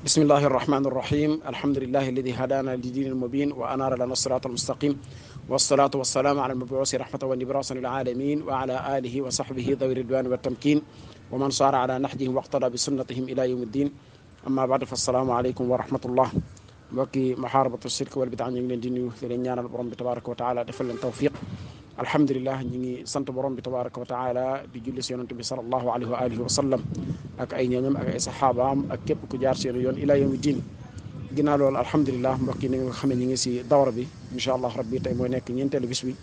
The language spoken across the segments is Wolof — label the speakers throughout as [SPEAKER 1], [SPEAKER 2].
[SPEAKER 1] بسم الله الرحمن الرحيم الحمد لله الذي هدانا لدين المبين وأنار لنا الصراط المستقيم والصلاة والسلام على المبعوث رحمة والنبراس للعالمين وعلى آله وصحبه ذوي الرضوان والتمكين ومن صار على نهجهم واقتضى بسنتهم إلى يوم الدين أما بعد فالسلام عليكم ورحمة الله وكي محاربة الشرك wal من الدين ngi leen di تبارك وتعالى leen التوفيق alhamdulillah ñi ngi sant borom bi tabaraka wa taala di julli si yonent bi salallahu alayhi wa alihi wa sallam ak ay ñooñam ak ay saxaabaam ak képp ku jaar seen yoon ila yawmi diin ginnaaw loolu alhamdulilah mbokk yi ni nga xam ne ñi ngi si dawra bi incha allah rabbi tey mooy nekk ñeenteelu bis bi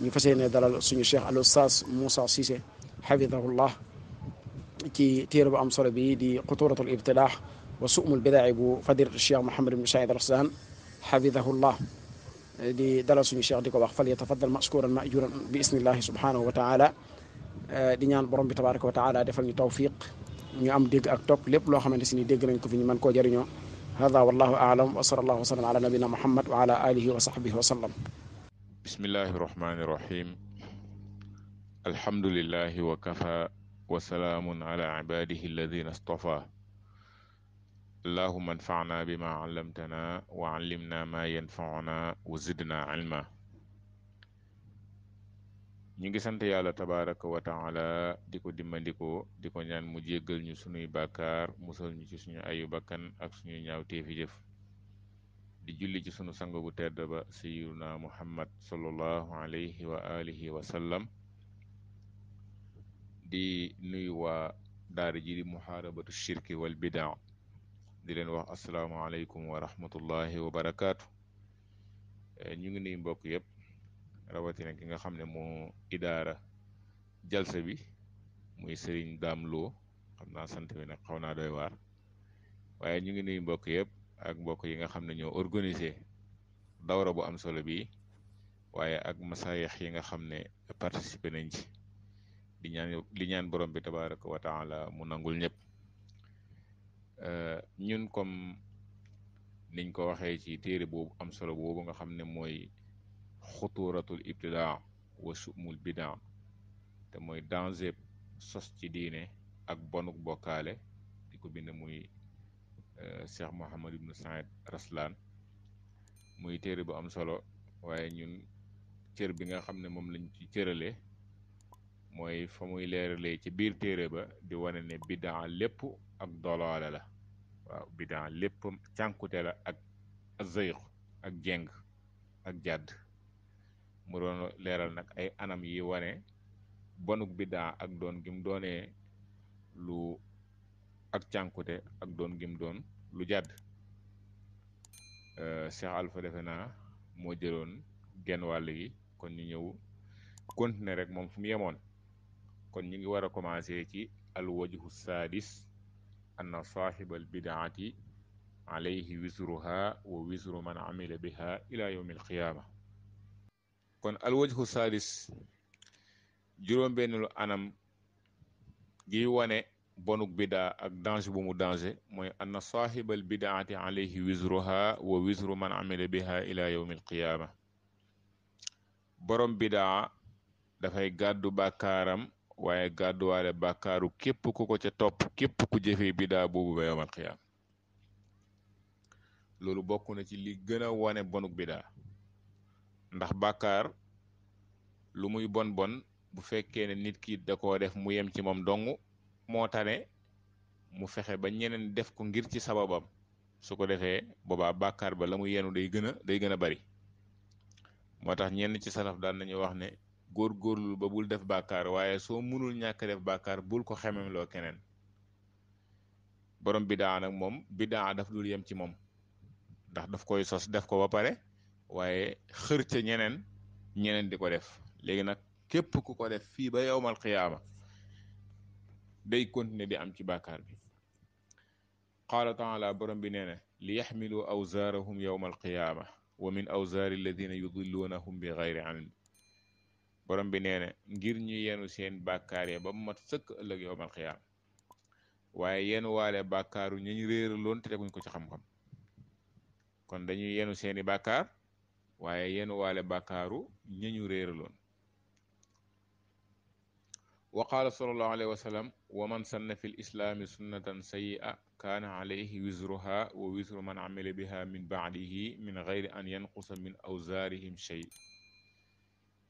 [SPEAKER 1] ñu fas yéene dalal suñu cheikh al oustaz Moussa Cissé xafidahullah ci téere bu am solo bi di xuturatul ibtidah wa sumul bidaai bu fadilat cheikh Mouhamad ibn Saïd al Rasdan xafidahullah دي دلسو ني شيخ ديكو فلي يتفضل مشكورا ماجورا باسم الله سبحانه وتعالى دي نيان بروم تبارك وتعالى ديفال ني توفيق ني ام ديغ اك توك ليب لو خامتني سيني ديغ نانكو في ني مانكو جارينو هذا والله اعلم وصلى الله وسلم على نبينا محمد وعلى اله وصحبه وسلم
[SPEAKER 2] بسم الله الرحمن الرحيم الحمد لله وكفى وسلام على عباده الذين اصطفى اللهم انفعنا بما علمتنا وعلمنا ما ينفعنا وزدنا علما نيغي سانت يالا تبارك وتعالى ديكو ديمانديكو ديكو نان مو جيغل ني سوني بكار موسل ني سي سوني ايو بكان اك سوني نياو تي في ديف دي جولي سي سونو سانغو بو تيد با سيدنا محمد صلى الله عليه واله وسلم دي نوي وا دار جي محاربه الشرك والبدع di wax assalamu alaykum wa rahmatullahi wa barakatuh eh, ñu ngi nuy mbokk yépp rawati nak nga xam mo idara jalsa bi muy serigne damlo xamna sant bi nak xawna doy war waye ñu ngi nuy mbokk yépp ak mbokk yi nga ñoo organiser dawra bu am solo bi waye ak masaayax yi nga xam participer nañ ci di ñaan li ñaan borom bi tabaaraku wa taala mu nangul ñëpp Euh, ñun comme niñ ko waxee ci téere boobu am solo boobu nga xam ne mooy xuturatul ibtidaa wa sumul bidaa te mooy danger sos ci diine ak bonuk bokkaale di ko bind muy euh, cheikh mohamad ibnu said raslan muy téere bu am solo waaye ñun cër bi nga xam ne moom lañ ci cërale mooy fa muy leerale ci biir téere ba di wane ne bidaa lépp ak doloole la waaw bidan lépp cànkute la ak zeyx ak jeng ak jadd mu doon leeral nag ay anam yi wane bonuk bidan ak doon gim doonee lu ak cànkute ak doon gim doon lu jadd euh, cheikh alfa defe naa moo jëloon genn wàll gi kon ñu ñëw continue rek moom fu mu yemoon kon ñu ngi war a commencé ci alwajhu sadis anna saaxiba albidaati alayhi wisruha wa wisru man amila biha ila yowmi alqiyaama kon alwajhu saadis juróom anam giy wane bonuk bidaa ak danger bu mu dange mooy anna saaxiba albidaati alayhi wisruha wa wisru man amila biha ila yowmi alqiyaama borom bidaa dafay gàddu bàkkaaram waaye gàdduwaale bàkkaaru képp ku ko ca topp képp ku jëfee bidaa boobu ba yawmal xiyaam loolu bokk na ci li gën a wane bonuk bidaa ndax bàkkaar lu muy bon bon bu fekkee ne nit ki da koo def mu yem ci moom dong moo tane mu fexe ba ñeneen def ko ngir ci sababam su ko defee boobaa bàkkaar ba la mu yenu day gën a day gën a bari moo tax ñenn ci salaf daal nañu wax ne lu ba bul def bakar waye so munul ñak def bakar bul ko xemem lo kenen borom bida nak mom bida daf lu yem ci mom ndax daf koy sos def ko ba pare waye xër ci ñenen ñenen diko def léegi nak kep ku ko def fi ba yawmal qiyamah day continuer di am ci bakar bi qala taala borom bi neena li yahmilu awzarahum yawmal qiyamah wa min awsaari alladina yudilluunahum bi ilm borom bi nee na ngir ñu yenu seen bàkkaar ya ba mu mat sëkk ëllëg yowmal xiyaam waaye yenu waale bàkkaaru ñu ñu réeraloon te teguñ ko ci xam-xam kon dañu yenu seeni bàkkaar waaye yenu waale bàkkaaru ñu ñu réeraloon wa qaala sallallahu alayhi wa sallam wa man sanna fi l islaami sunnatan sayyi'a kaana alayhi wa wisru man amila biha min baadihi min gayri an yanqusa min awzaarihim shay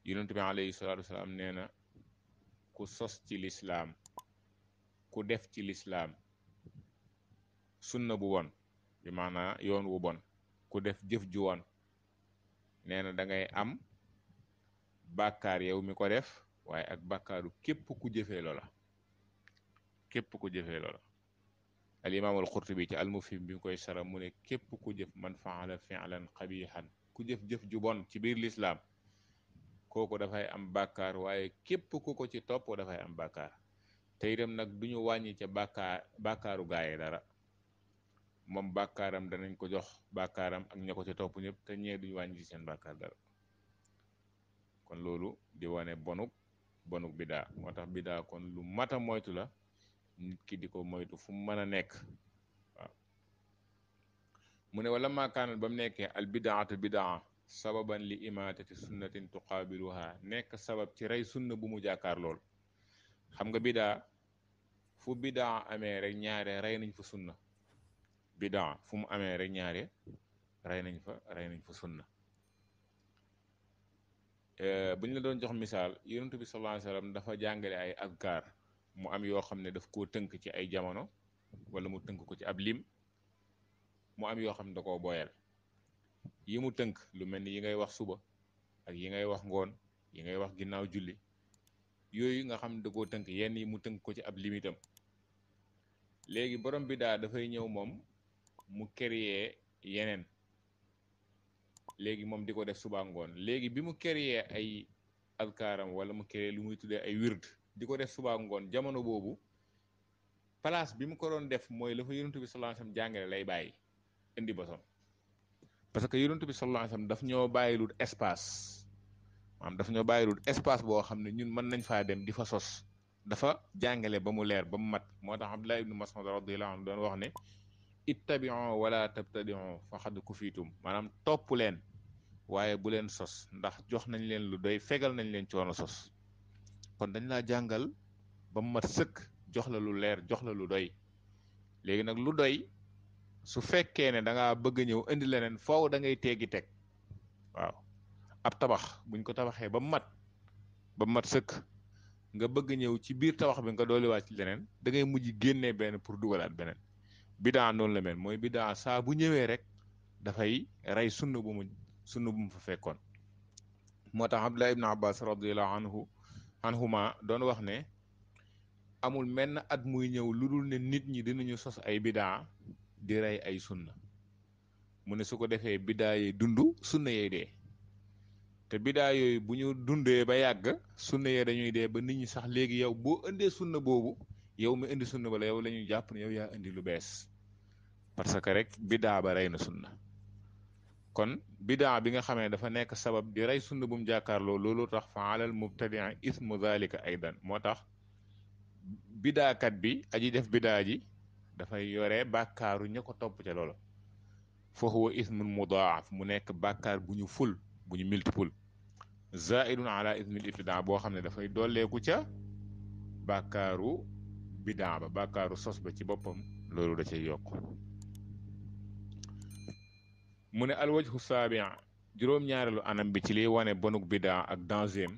[SPEAKER 2] yonent bi alayhi salaatu salaam nee na ku sos ci lislaam ku def ci lislaam sunna bu won bi maanaa yoon wu bon ku def jëf ju won nee na da am bakaar yow mi ko def waaye ak bàkkaaru képp ku jëfee loola képp ku jëfee loola al imaam al qurtubi ci al mufhim bi koy sara mu ne képp ku jëf man faala fi'lan qabihan ku jëf-jëf ju bon ci biir lislaam kooku dafay am bàkkaar waaye képp ku ko ci topp dafay am bàkkaar te itam nag duñu ñu wàññi ca bàkkaar bàkkaaru gaaye dara moom bàkkaaram danañ ko jox bàkkaaram ak ña ko ci topp ñëpp te ñee duñ wàññi ci seen bàkkaar dara kon loolu di wane bonuk bonuk bidaa moo tax bida kon lu mat a moytu la nit di ko moytu fu mu mën a nekk waaw mu ne wala maakaanal ba mu nekkee al bidaatu bidaa sababan li imaatati sunnatin tuqaabiluha nekk sabab ci rey sunna bu mu jàkkaar lool xam nga bidaa fu bidaa amee rek ñaare rey nañ fa sunna bidaa fu mu amee rek ñaare rey nañ fa rey nañ fa sunna euh, bu ñu la doon jox misaal yonentu bi sallallahu alayhi wasallam dafa jàngale ay azkar mu am yoo xam ne daf ko tënk ci ay jamono wala mu tënk ko ci ab lim mu am yoo xam ne da koo booyal yi mu tënk lu melni yi ngay wax suba ak yi ngay wax ngoon yi ngay wax ginnaaw julli yooyu nga xam da ko tënk yenn yi mu tënk ko ci ab limitam léegi borom bi daa dafay ñëw moom mu créer yeneen léegi moom di def suba ngoon léegi bi mu créer ay adkaaram wala mu créer lu muy tuddee ay wird di def suba ngoon jamono boobu place bi mu ko doon def mooy la fa yonent bi sallallahu alayhi wasallam jàngale lay bàyyi indi parce que yonent bi sallallahu alayhi wasallam daf ñoo bàyyilul espace maanaam daf ñoo bàyyilul espace boo xam ne ñun mën nañ fa dem di fa sos dafa jàngale ba mu leer ba mu mat moo tax Abdullah ibnu Mas'ud radiyallahu anhu doon wax ne ittabi'u wala tabtadi'u faqad kufitum maanaam topp leen waaye bu leen sos ndax jox nañ leen lu doy fegal nañ leen coono sos kon dañ laa jàngal ba mu mat sëkk jox la lu leer jox la lu doy léegi nag lu doy su fekkee ne danga bëgg ñëw indi leneen foofu dangay ngay teggi teg waaw ab tabax buñ ko tabaxee ba mat ba mat sëkk nga bëgg ñëw ci biir tabax bi nga dooliwaat ci leneen da ngay mujj génnee benn pour dugalaat beneen bidaa noonu la mel mooy bidaa saa bu ñëwee rek dafay rey sunna bu mu fa fekkoon moo tax la ibn Abbas radiallahu anhu anhuma doon wax ne amul menn at muy ñëw lu dul ne nit ñi dinañu sos ay bidaa di rey ay sunna mu ne su ko defee biddaa yi dund sunna yee dee te biddaa yooyu bu ñu dundee ba yàgg sunna yee dañuy dee ba nit ñi sax léegi yow boo indee sunna boobu yow mi indi sunna ba la yow la jàpp ne yow yaa indi lu bees parce que rek biddaa ba rey na sunna kon biddaa bi nga xamee dafa nekk sabab di rey sunna bu mu jàkkaarloo loolu tax fa alal mubtadia ismu zalika aydan moo tax bidaakat bi aji def biddaa ji dafay yore bàkkaaru ña ko topp ca loola fa huwa ismun mudaaf mu nekk bàkkaar bu ñu ful bu ñu multiple zaidun ala ismil ibtidaa boo xam ne dafay dolleeku ca bàkkaaru bidaa ba bàkkaaru sos ba ci boppam loolu da cay yokk mu ne alwajhu saabia juróom-ñaareelu anam bi ci liy wane bonuk bidaa ak danger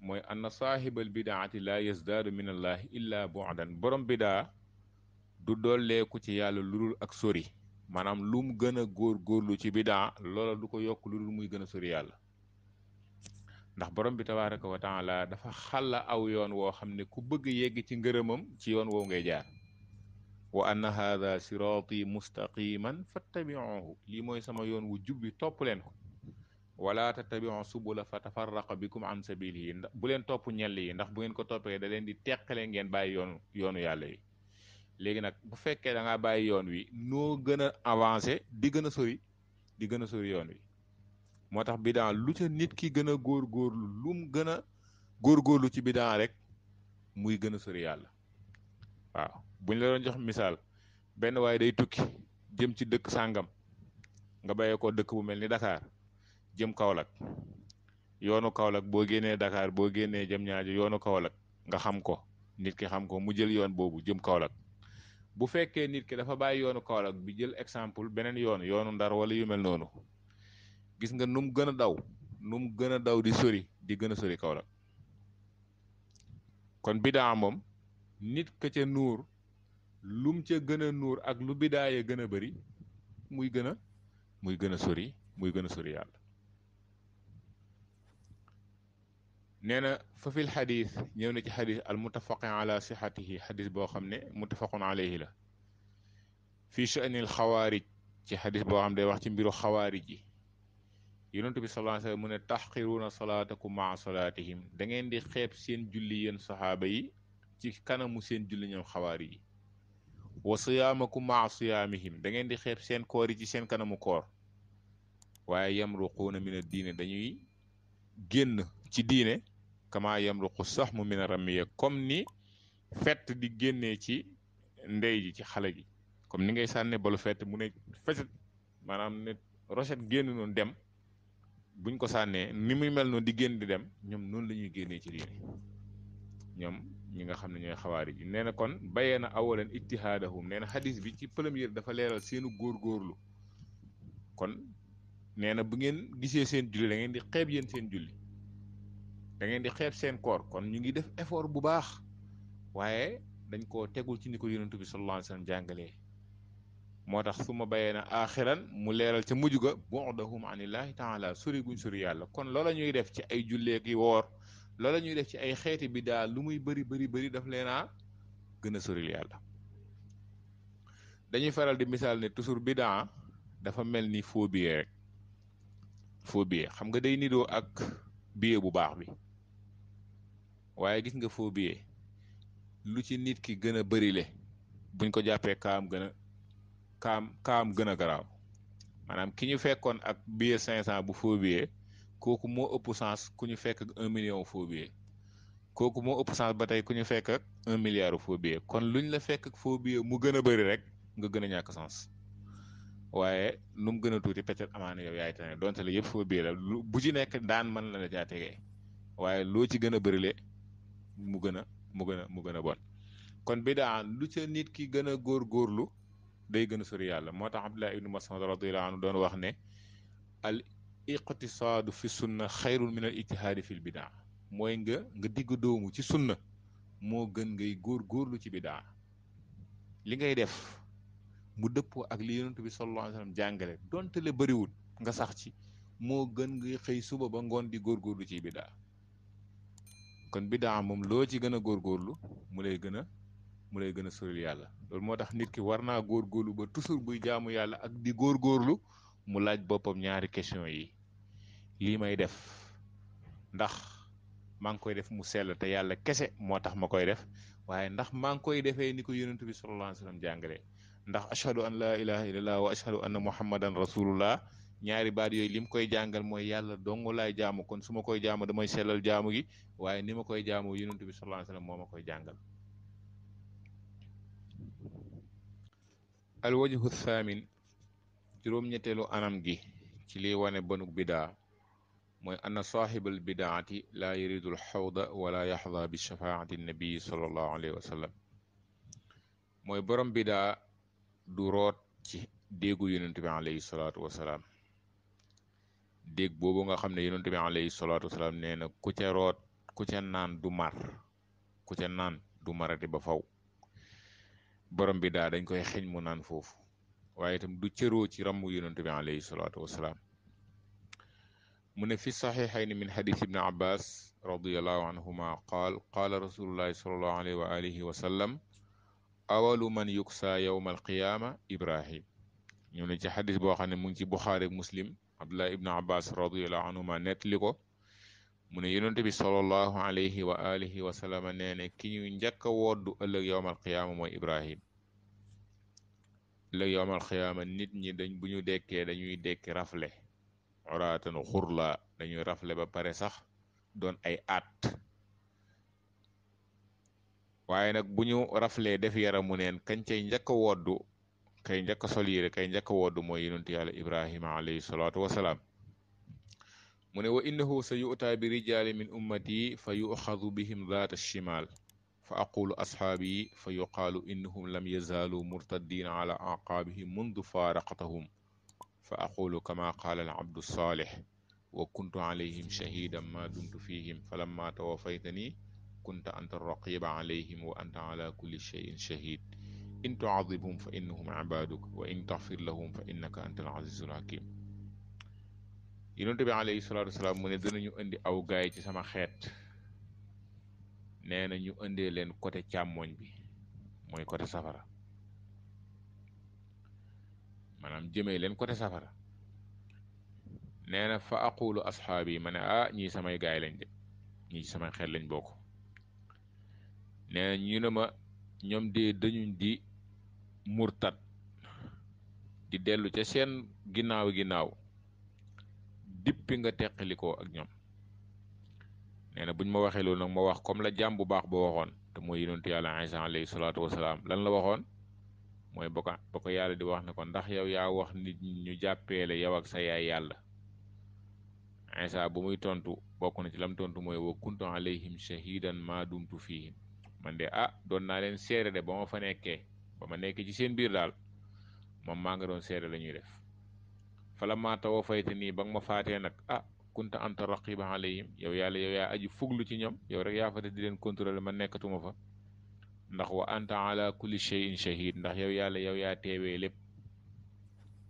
[SPEAKER 2] mooy anna saahibal bidaati laa yazdaadu min allahi illa bu'dan borom bidaa du dolleeku ci yàlla lu dul ak sori maanaam lu mu gën a góor-góorlu ci bidaa loola du ko yokk lu dul muy gën a sori yàlla ndax borom bi tabaaraka wa taala dafa xalla aw yoon woo xam ne ku bëgg yegg ci ngërëmam ci yoon woo ngay jaar wa anna haada siraati mustaqiman fattabiuhu lii mooy sama yoon wu jub bi topp leen ko wala tattabiu subula fa tafarraqa bikum an sabilihi bu leen topp ñell yi ndax bu ngeen ko toppee da leen di teqale ngeen bàyyi yoonu yoonu yàlla yi léegi nag bu fekkee danga ngaa bàyyi yoon wi noo gën a avancé di gën a sori di gën a sori yoon wi moo tax bidaa lu ca nit ki gën a góorgóorlu lu mu gën a góorgóorlu ci bidaa rek muy gën a sori yàlla waaw buñ la doon jox misaal benn waaye day tukki jëm ci dëkk sàngam nga bayee ko dëkk bu mel ni Dakar jëm Kaolack yoonu kawlak boo génnee dakaar boo génnee jëm ñaajo yoonu Kaolack nga xam ko nit ki xam ko mu jël yoon boobu jëm Kaolack bu fekkee nit ki dafa bàyyi yoonu Kaolack bi jël exemple beneen yoon yoonu Ndar wala yu mel noonu gis nga nu mu gën a daw nu mu gën a daw di sori di gën a sori Kaolack kon bidaa moom nit ka ca nuur lum ca gën a nuur ak lu bidaa ya gën a bëri muy gën a muy gën a sori muy gën a sori yàlla نانا ففي الحديث نيوني تي حديث المتفق على صحته حديث بو خامني متفق عليه لا في شان الخوارج تي حديث بو خام دي واخ تي ميرو خوارجي يونت بي صلى الله عليه وسلم من تحقرون صلاتكم مع صلاتهم دا نين دي خيب سين جولي ين صحابه تي كانم سين جولي نيو خوارجي وصيامكم مع صيامهم دا نين دي خيب سين كوري تي سين كانم كور واي يمرقون من الدين دانيي ген ci diine kama mu saxmu min ramiya comme ni fett di génnee ci ndey ji ci xale ji comme ni ngay sànnee balu fett mu ne feset maanaam ne rochette génn noonu dem buñ ko sànnee ni muy mel noonu di génn di dem ñoom noonu la ñuy génnee ci diine ñoom ñi nga xam ne ñooy xawaari ji nee na kon bayee na awalan ittihaadahum nee na xadis bi ci première dafa leeral seenu góor góorlu kon nee na bu ngeen gisee seen julli la ngeen di xeeb yéen seen julli dangeen di xeeb seen koor kon ñu ngi def effort bu baax waaye dañ koo tegul ci ni ko yonent bi sallallahu alayhi jàngalee moo tax su ma bayee na axiran mu leeral ca mujj ga bu'dahum anillahi taala sori guñ sori yàlla kon loola ñuy def ci ay jullee ki woor loola ñuy def ci ay xeeti bi daal lu muy bari bëri bëri daf leenaa gën a soril yàlla dañuy faral di misaal ne toujours bidaa dafa mel ni faux billet rek faux xam nga day nidoo ak billet bu baax bi waaye gis nga faux billet lu ci nit ki gën a bërile buñ ko jàppee kaam gën a kaam kaam gën a garaaw maanaam ki ñu fekkoon ak billet cinq cent bu faux billet kooku moo ëpp chance ku ñu fekk million faux kooku moo ëpp chance ba tey ku ñu fekk un milliard faux billet kon ñu la fekk ak faux mu gën a bëri rek nga gën a ñàkk chance waaye nu mu gën a tuuti peut-être amaana yow yaay tane donte la yëpp faux billet la bu ci nekk daan mën la la jaa waaye loo ci gën a bërile mu gën a mu gën a mu gën a bon kon bidaa lu ca nit ki gën a góorgóorlu day gën a sori yàlla moo tax abdullah ibnu mas'ud radiyallahu anhu doon wax ne al iqtisaadu fi sunna xayrun min al ijtihaadi fil bidaa mooy nga nga digg doomu ci sunna moo gën ngay góorgóorlu ci bidaa li ngay def mu dëppoo ak li yonent bi sallallahu alayhi wa sallam jàngale donte le bëriwul nga sax ci moo gën ngay xëy suba ba ngoon di góorgóorlu ci bidaa kon bidaa moom loo ci gën a góorgóorlu mu lay gën a mu lay gën a soril yàlla loolu moo tax nit ki war naa góorgóorlu ba toujours buy jaamu yàlla ak di góorgóorlu mu laaj boppam ñaari question yi lii may def ndax maa ngi koy def mu sell te yàlla kese moo tax ma koy def waaye ndax maa ngi koy defee ni ko yonent bi sallallahu alayhi wa sallam ndax ashhadu an laa ilaha illallah wa ashhadu anna muhammadan rasulullah ñaari baat yooyu lim koy jàngal mooy yàlla dongu laay jaamu kon su ma koy jàmm damay sellal jaamu gi waaye ni ma koy jaamu yonent bi sallallahu alayhi koy jàngal al anam gi ci liy wane banug bidaa mooy anna saahibal bidaati laa yuridul xawda wala yaxda bi shafaati nabii sallallahu alayhi mooy borom bidaa du root ci déggu yonent bi alayhi salaatu wasalaam deg bobu nga xamne ne yonent bi alayhi salaatu wasalaam nee ku ca rot ku ca nan du mar ku ca nan du marati ba faw borom bi da dañ koy xign mu nan fofu waye tam du cëroo ci ramm yonent bi alayhi salaatu wasalaam mu ne fi sahihayn min hadith ibn abbas radiyallahu anhuma qal qala rasulullah sallallahu alayhi wa alihi wa sallam awalu man yuksa yowma alqiyaama ibrahim ñu ne ci hadith bo xamne mu ngi ci buxaari muslim abdullah ibnu abbas radiallahu anhuma nettali ko mu ne yonente bi salallahu alayhi wa alihi wa sallama nee ne ki ñu njëkk woddu ëllëg yowmal qiyaama mooy ibrahim ëllëg yowmal qiyaama nit ñi dañ bu ñu dekkee dañuy dekki rafle oraatan xurla dañuy rafle ba pare sax doon ay at waaye nag bu ñu raflee def yaramu neen kañ cay njëkk woddu kay njëkk a sol yére kay njëkk a woddu mooy yonent yàlla ibrahima alayhi salaatu wasalaam mu ne wa innahu sa yu'taa bi rijaali min ummati fa yu'xadu bihim daata shimaal fa aqulu ashaabi fa yuqaalu innahum lam yazaalu murtaddiina ala aqaabihim mundu faaraqtahum fa aqulu kama qaala al abdu saalih wa kuntu alayhim shahidan ma dumtu fihim falamma tawafaytani kunta anta raqiba alayhim wa anta ala kulli shay'in shahid in tuadibhum fa innahum ibaduk wa in taxfir lahum fa innaka anta al azizul hakim yonent bi alayhi salaatu ne danañu indi aw gaay ci sama xeet nee na ñu indee leen côté càmmooñ bi mooy côté safara maanaam jëmee leen côté safara nee na fa aqulu asxaab yi ma ne ah ñii samay gaay lañ de ñii samay xeet lañ bokk nee ñu ne ma ñoom de dañuñ di murtad di delu ci sen ginaaw ginaaw dippi nga tekkaliko ak ñom neena buñ ma waxee loolu nag ma wax comme la jamm bu baax bo waxon te mooy yonentu yàlla aisha alayhi salatu wassalam lan la waxon moy yalla di wax ne ko ndax yow ya wax nit ñu jàppee yow ak sa yaay yalla aisha bu muy tontu bokku na ci lam tontu moy wa kuntu alayhim shahidan ma dumtu fihim man de ah don na len seere de bama fa nekké bama ma nekk ci seen biir daal moom maa nga doon seede la ñuy def fala maa tawa fayte nii ba ma faatee nag ah kunta anta raqiba alayhim yow yàlla yow yaa aji fuglu ci ñoom yow rek yaa fate di leen contrôler ma nekkatuma fa ndax wa anta ala kulli shay'in shahid ndax yow yàlla yow yaa teewee lépp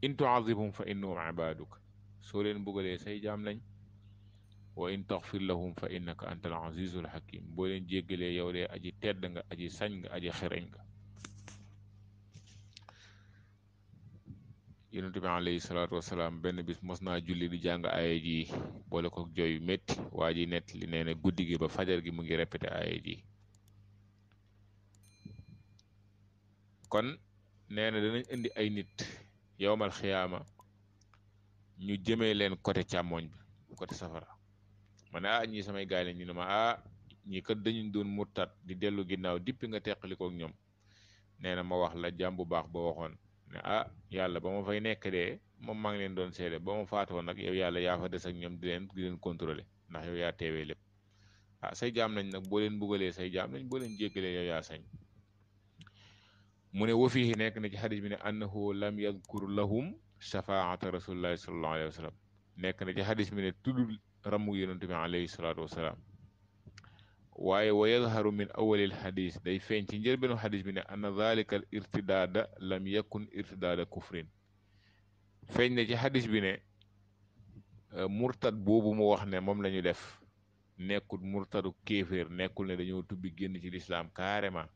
[SPEAKER 2] in tuazibhum fa innahum ibaduk soo leen bugalee say jaam lañ wa in taxfir lahum fa innaka anta al azizul hakim boo leen jéggalee yow dee aji tedd nga aji sañ nga aji xereñ nga yonent bi alayhi salaatu wasalaam benn bis mos naa julli di jàng aaya ji boole ko jooy metti waa ji nett li nee na guddi gi ba fajar gi mu ngi répété aaya ji kon nee na danañ indi ay nit yowmal xiyaama ñu jëmee leen côté càmmooñ bi côté safara ma ne ah ñii samay gaay la ma ah ñi kat dañu doon murtat di dellu ginnaaw dippi nga teqali kook ñoom nee na ma wax la jàmm bu baax ba waxoon ne ah yàlla ba ma fay nekk dee moom maa ngi leen doon seede ba ma faatoo nag yow yàlla yaa fa des ak ñoom di leen di leen contrôler ndax yow yaa teewee lép a ah, say jaam nañ nag boo leen bugalee say jaam nañ boo leen jéggalee yow yaa sañ mu ne wa nekk na ci xadis bi ne annahu lam yadkur lahum shafaata rasulillahi sallallahu alayhi wa sallam nekk na ci xadis bi ne tuddul ramu yonente bi alayhi salaatu wasalaam waaye wa yadharu min awalil hadith day feeñ ci njëlbeenu xadis bi ne ana dhalika al irtidaada lam yakun irtidaada kufrin feeñ na ci xadis bi ne murtad boobu mu wax ne moom la ñu def nekkul murtadu kéeféer nekkul ne dañoo tubbi génn ci lislaam carrément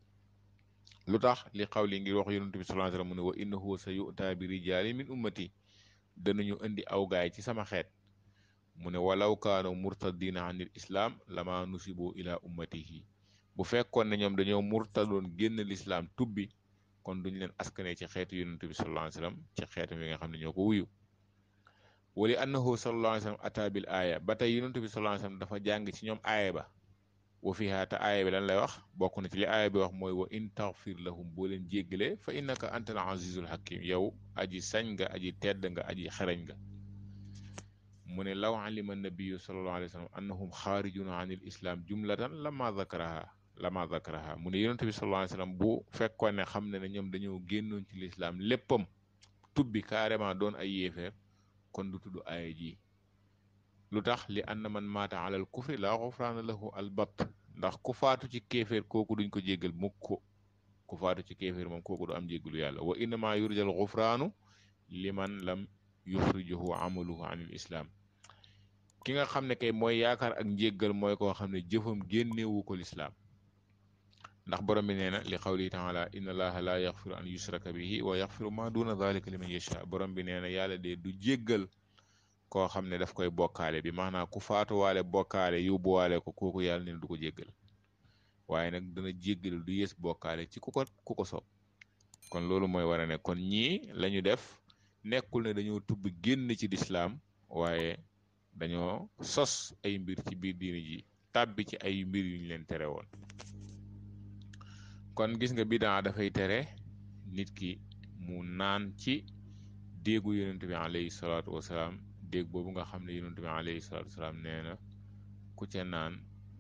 [SPEAKER 2] lu tax li xaw li ngir wax yonent bi sallallahu alayhi wa sallam wa innahu sa bi rijaali min ummati danañu indi aw ci sama xeet mu ne walaw kaanu murtadina anil islam lama nusibu ila ummatihi bu fekkoon ne ñoom dañoo murtadoon génn lislaam tubbi kon duñ leen askanee ci xeetu yonent bi sallallahu alayhi wasallam ci xeetu bi nga xam ne ñoo ko wuyu wali annahu sallallahu alayhi wasallam ata bil aaya ba tey bi sallallahu alayhi wasallam dafa jàng ci ñoom aaya ba wa fiha ta aaya bi lan lay wax bokk na ci li aaya bi wax mooy wa in taghfir lahum boo leen jéggalee fa innaka antal azizul hakim yow aji sañ nga aji tedd nga aji xarañ nga mu ne law alima nabiyu sallallahu alayhi wa sallam annahum xaarijuna an islam jumlatan lama zakaraha lama zakaraha mu ne yonente bi sallallahu alayhi wa sallam bu fekkoon ne xam ne ne ñoom dañoo génnoon ci lislaam léppam tubbi carrément don ay yéefeer kon du tudd aaya ji lu tax li anna man maata alal kufri laa xufraana lahu albat ndax ku faatu ci kéeféer kooku duñ ko jéggal mukk ko ku faatu ci kéeféer moom kooku du am jéggalu yàlla wa innama yurjal xufraanu liman lam yuxrijuhu amaluhu an il islam ki nga xam ne kay mooy yaakaar ak njéggal mooy koo xam ne jëfam génnewu ko lislaam ndax borom bi nee na li xawli taala inna allaha la yaxfiru an yusraka bihi wa yaxfiru ma duna dalika liman yasha borom bi nee yàlla de du jéggal koo xam ne daf koy bokkaale bi max maanaam ku faatuwaale bokkaale yóbbuwaale ko kooku yàlla ne du ko jéggal waaye nag dana jéggal du yées bokkaale ci ku ko ku kon loolu mooy wara a ne kon ñii la def nekkul ne dañoo tubb génn ci lislaam waaye dañoo sos ay mbir ci biir diini ji tàbbi ci ay mbir yuñ leen tere woon kon gis nga bidaa dafay tere nit ki mu naan ci déegu yonent bi alayhi salaatu wasalaam déeg boobu nga xam ne yonent bi alayhi salaatu wasalaam nee na ku ca naan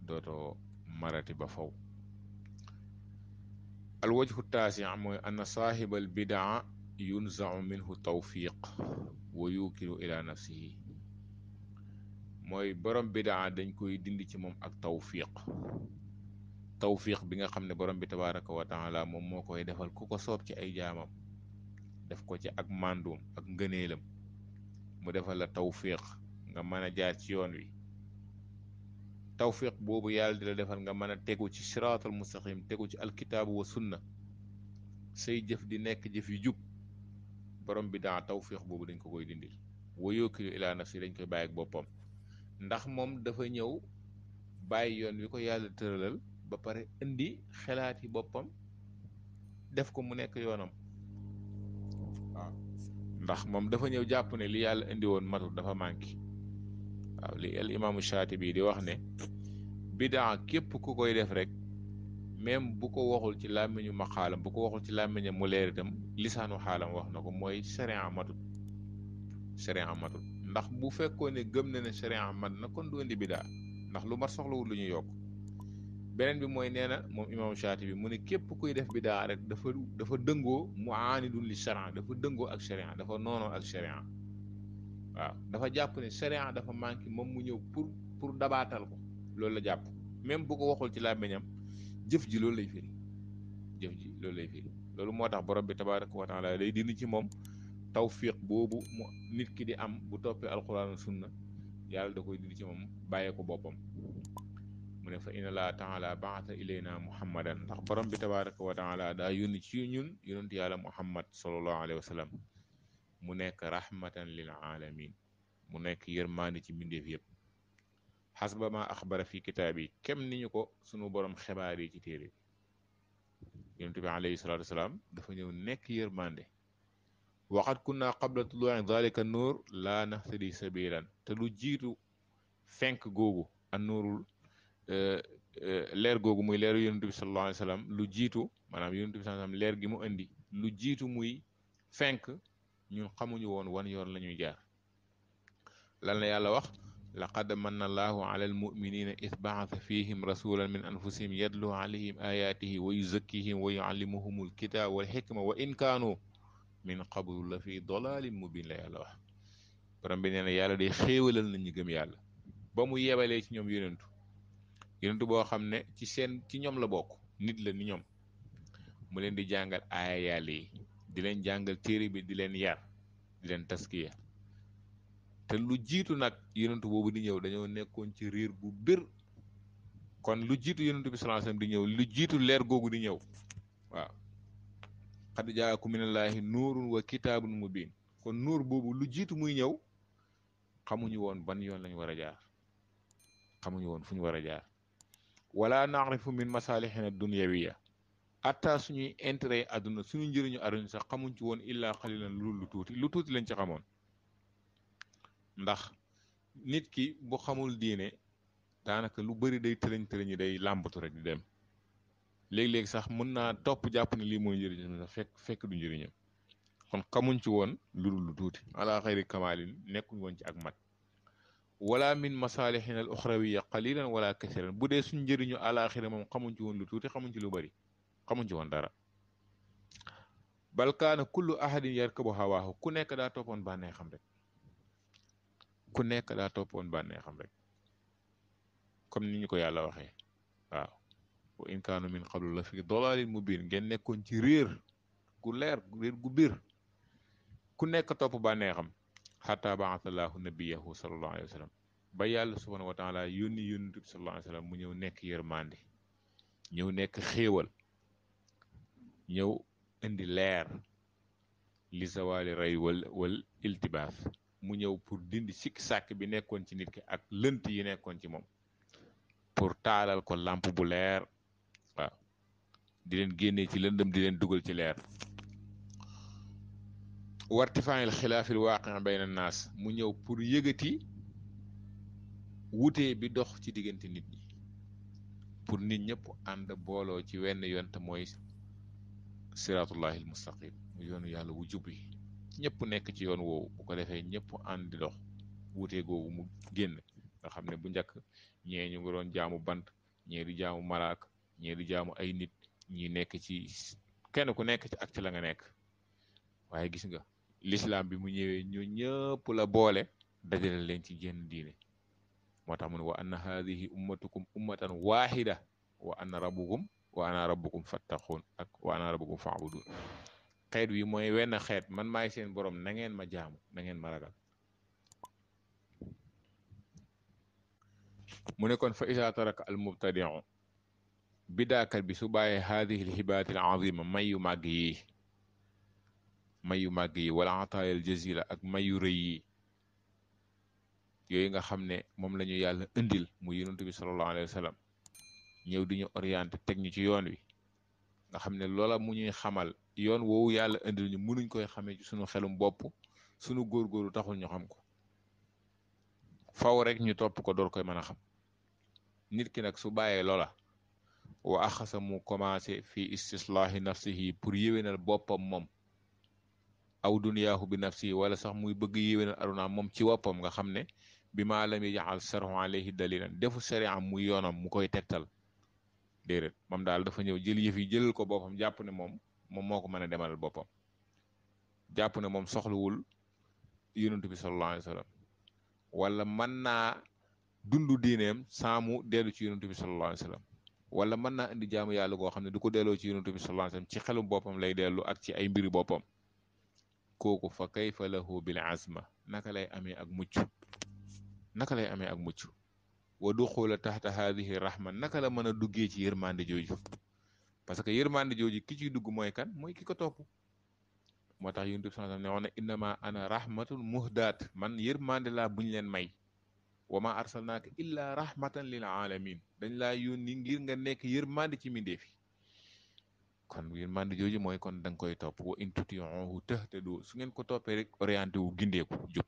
[SPEAKER 2] dootoo marati ba faw alwajhu taasi mooy anna saahibal bidaa yunzau minhu tawfiq wa yukilu ila nafsihi mooy borom bi bidaa dañ koy dindi ci moom ak tawfiq tawfiq bi nga xam ne borom bi tabaraka wa taala moom moo koy defal ku ko soob ci ay jaamam def ko ci ak mànduum ak ngëneelam mu defal la tawfiq nga mën a jaar ci yoon wi tawfiq boobu yàlla di la defal nga mën a tegu ci siraatal mustaqim tegu ci alkitaabu wa sunna say jëf di nekk jëf yu jub borom bidaa tawfiq boobu dañ ko koy dindil wayookilu ilaa nafsi dañ koy bàyyi ak boppam ndax moom dafa ñëw bàyyi yoon wi ko yàlla tëralal ba pare indi xelaati boppam def ko mu nekk yoonam waaw ndax moom dafa ñëw jàpp ne li yàlla indi woon matu dafa manqué waaw li el imaamu Shaatibi di wax ne bidaa képp ku koy def rek même bu ko waxul ci làmmiñu ma bu ko waxul ci làmmiñam mu leer itam lisaanu xaalam wax na ko mooy sariya matul sariya matul ndax bu fekkoon ne gëm na ne sharia man na kon du indi bida ndax lu mar soxlawul lu ñu yokk beneen bi mooy nee na moom imam shaati bi mu ne képp kuy def bida rek dafa dafa dëngoo mu aanidun li sharia dafa dëngoo ak sharia dafa noonoo ak sharia waaw dafa jàpp ne sharia dafa manqué moom mu ñëw pour pour dabaatal ko loolu la jàpp même bu ko waxul ci meñam jëf ji loolu lay firi jëf ji loolu lay firi loolu moo tax borom bi tabaraka wa taala lay dindi ci moom tawfiq boobu mu nit ki di am bu toppee alquran sunna yàlla da koy dindi ci moom bàyyee ko boppam mu ne fa inna laa taala baata ilayna muhammadan ndax borom bi tabaraka wa taala daa yónni ci ñun yonent yàlla muhammad salallahu alayhi wa sallam mu nekk rahmatan lil alamin mu nekk yërmaande ci mbindeef yëpp xasba ma axbara fi kitaab yi kem ni ñu ko sunu borom xibaar yi ci téere bi yonent bi alayhi salatu wasalaam dafa ñëw nekk yërmaande waqad kunna qabla tuluwaan dalika nuur laa nahtadi sabilan te lu jiitu fenk googu an nuurul leer googu muy leer yonent bi sallallahu alayhi wa sallam lu jiitu maanaam yonent bi sallallahu alayhi wa sallam leer gi mu indi lu jiitu muy fenk ñun xamuñu woon wan yoon la ñuy jaar lan la yàlla wax laqad manna allahu ala almuminina id baasa fihim rasulan min anfusihim yadlu alayhim ayatihi wa yuzakkihim wa yuallimuhum alkitaba walxikma wa in kaanu min qablu la fi dalaalin mubin la yàlla wax borom bi nee yàlla day xéewalal na ñu gëm yàlla ba mu yebalee ci ñoom yonentu yonentu boo xam ne ci seen ci ñoom la bokk nit la ni ñoom mu leen di jàngal aaya yàlla yi di leen jàngal téere bi di leen yar di leen taskiya te lu jiitu nag yonentu boobu di ñëw dañoo nekkoon ci riir bu bir kon lu jiitu yonentu bi sallallahu di ñëw lu jiitu leer googu di ñëw waaw xad jaakum minallaahi nuurun wa kitaabun mubiin kon nuur boobu lu jiitu muy ñëw xamuñu woon ban yoon lañ war a jaar xamuñu woon fu ñu war a jaar wala naarifu min masaalihina dunyawiya atta suñuy intérêt yi àdduna suñu njëriñu àdduna sax xamuñ ci woon illaa xalilan lu lu tuuti lu tuuti lañ ci xamoon ndax nit ki bu xamul diine daanaka lu bëri day tërëñ tërëñi day làmbatu rek di dem léegi-léegi sax mën naa topp jàpp ne lii mooy njëriñam sax fekk fekk du njëriñam kon xamuñ ci woon lu dul lu tuuti ala xayri kamaalin nekkuñ woon ci ak mat wala min masaalixina al uxrawiya qalilan wala kasiran bu dee suñ njëriñu alaxira moom xamuñ ci woon lu tuuti xamuñ ci lu bëri xamuñ ci woon dara balkaana kullu ahadin yarkabu hawaahu ku nekk daa toppoon bànnee xam rek ku nekk daa toppoon bànnee xam rek comme ni ñu ko yàlla waxee waaw وإن كانوا من قبل la fi dalaal mubin ngeen nekkoon ci réer gu leer réer gu biir ku nekk topp bànneexam xataa baatallahu nabiyahu sallallahu alayhi wa sallam ba yàlla subhanahu wa taala yónni yónnitu bi sallallahu alayhi wa sallam mu ñëw nekk yërmande ñëw nekk xéewal ñëw indi leer li zawaali rey wal wal iltibaas mu ñëw pour dindi sikk sàkk bi nekkoon ci nit ki ak lënt yi nekkoon ci moom pour taalal ko làmp bu leer di len génnee ci lëndëm di len duggal ci al khilaf al waqi' bayna nas mu ñew pour yëgati wuté bi dox ci digënté nit ñi pour nit ñëpp and booloo ci wenn yoon te mooy siratullahi almustaqim yoonu yalla wu jubbi yi ñëpp nekk ci yoon woowu bu ko defee ñëpp and di dox wuté gogu mu génn nga xam ne bu njëkk ñee ñu ngi doon jaamu bant ñee di jaamu malaak ñee di jaamu ay nit ñi nekk ci kenn ku nekk ci acte la nga nekk waaye gis nga l'islam bi mu ñëwee ñu ñëpp la boole dajale leen ci jenn diine moo tax mu ne wa anna hadihi ummatukum ummatan wahida wa anna rabbukum wa ana rabbukum fattaqun ak wa ana rabbukum fa'budun xeet wi mooy wenn xeet man maay seen borom na ngeen ma jaamu na ngeen ma ragal mu ne kon fa isa taraka al mubtadi'u bidaakar bi su bàyyee haadihi lxibaati alazima may yu màgg yi may yu màgg yi wala ataayal jazila ak may yu rëy yi yooyu nga xam ne moom la yàlla indil mu yonentu bi sallallahu alayhi wa sallam ñëw di ñu orienté teg ñu ci yoon wi nga xam ne loola mu ñuy xamal yoon woowu yàlla indil ñu mënuñ koy xamee ci sunu xelum bopp sunu góorgóorlu taxul ñu xam ko faw rek ñu topp ko door koy mën a xam nit ki nag su bàyyee loola wa axasa mu commencé fi istislaahi nafsihi pour yéwénal boppam moom aw duniyaahu bi nafsihi wala sax muy bëgg yéwénal arunaam moom ci woppam nga xam ne bi maa lam yajaal sarhu alayhi dalilan defu sariam muy yoonam mu koy tegtal déedéet moom daal dafa ñëw jël yëf yi ko boppam jàpp ne moom moom moo ko mën a jàpp ne moom soxlawul yonent bi sallallahu alayhi wa wala mën naa dund diineem saamu dellu ci yonent bi sallallahu alayhi wa wala man na indi jaamu yalla go xamne duko delo ci yunus bi sallallahu alayhi wasallam ci xelum bopam lay delu ak ci ay mbiri bopam koku fa kayfa lahu bil azma naka lay amé ak muccu naka lay amé ak muccu wa dukhula tahta hadhihi rahman naka la meuna duggé ci yermande joju parce que yermande joju ki ci dugg moy kan moy kiko top motax yunus sallallahu alayhi wasallam ne ana rahmatul muhdat man yermande la buñ len may wa ma arsalnaka illa rahmatan lil alamin dañ la yoni ngir nga nek yermande ci fi kon yermande joju moy kon dang koy top wa in tahtadu su ngeen ko topé e rek orienté wu ko djub